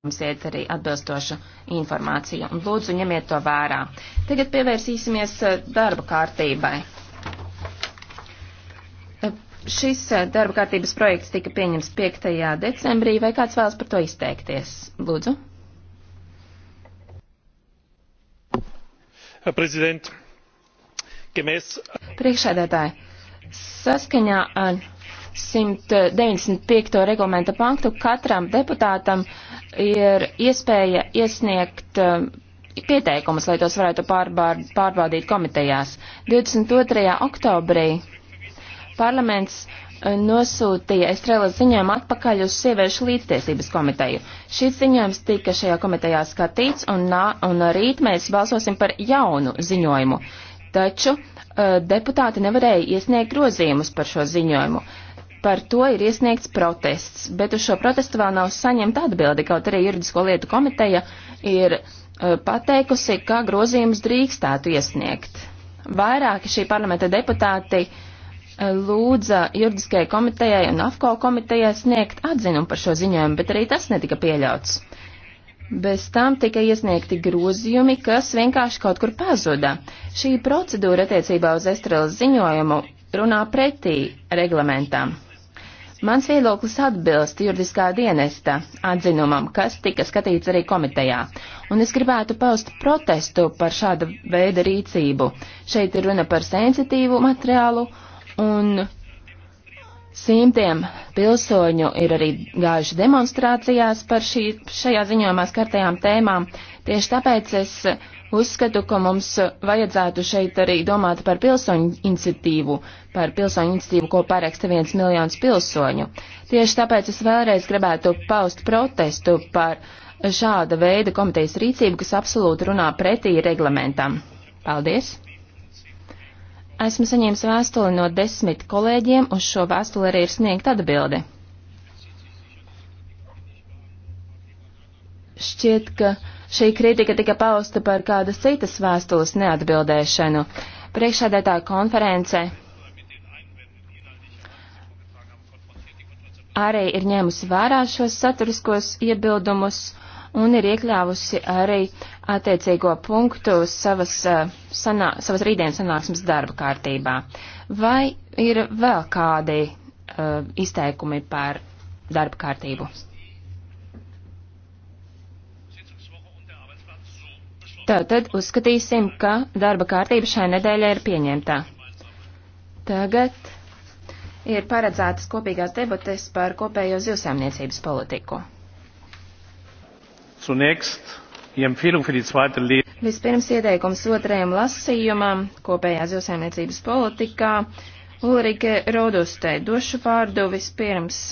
jums iet arī atbilstoša informācija. Un lūdzu, ņemiet to vērā. Tagad pievērsīsimies eh, darba kārtībai. Eh, šis eh, darba kārtības projekts tika pieņems 5. decembrī. Vai kāds vēlas par to izteikties? Lūdzu. Prezident, gemäß... Priekšēdētāji, saskaņā ar 195. regulamenta punktu katram deputātam uh, ir iespēja iesniegt um, pieteikumus, lai tos varētu pārbār, pārbaudīt komitejās. 22. oktobrī parlaments uh, nosūtīja Estrelas ziņojumu atpakaļ uz sieviešu līdztiesības komiteju. Šis ziņojums tika šajā komitejā skatīts, un, nā, un rīt mēs balsosim par jaunu ziņojumu. Taču uh, deputāti nevarēja iesniegt grozījumus par šo ziņojumu. Uh, Par to ir iesniegts protests, bet uz šo protestu vēl nav saņemta atbildi, kaut arī juridisko lietu komiteja ir uh, pateikusi, ka grozījumus drīkstētu iesniegt. Vairāki šī parlamenta deputāti uh, lūdza juridiskajai komitejai un AFCO komitejai sniegt atzinumu par šo ziņojumu, bet arī tas netika pieļauts. Bez tam tika iesniegti grozījumi, kas vienkārši kaut kur pazuda. Šī procedūra attiecībā uz Estrelas ziņojumu runā pretī reglamentam. Mans viedoklis atbilst juridiskā dienesta atzinumam, kas tika skatīts arī komitejā, un es gribētu paust protestu par šāda veida rīcību. Šeit ir runa par sensitīvu materiālu, un Simtiem pilsoņu ir arī gājuši demonstrācijās par šī, šajā ziņojumā skartajām tēmām. Tieši tāpēc es uzskatu, ka mums vajadzētu šeit arī domāt par pilsoņu iniciatīvu, par pilsoņu iniciatīvu, ko paraksta viens miljons pilsoņu. Tieši tāpēc es vēlreiz gribētu paust protestu par šāda veida komitejas rīcību, kas absolūti runā pretī reglamentam. Paldies! Esmu saņēmis vēstuli no desmit kolēģiem, uz šo vēstuli arī ir sniegta atbilde. Šķiet, ka šī kritika tika pausta par kādas citas vēstules neatbildēšanu. Priekšādētā konference arī ir ņēmusi vērā šos saturiskos iebildumus un ir iekļāvusi arī attiecīgo punktu savas, sanā, savas rītdienas sanāksmes darba kārtībā. Vai ir vēl kādi uh, izteikumi par darba kārtību? Tātad uzskatīsim, ka darba kārtība šai nedēļai ir pieņemta. Tagad ir paredzētas kopīgās debates par kopējo zivsēmniecības politiku. Zunächst Vispirms ieteikums otrajam lasījumam kopējā zilsēmniecības politikā. Ulrike Rodustē došu vārdu vispirms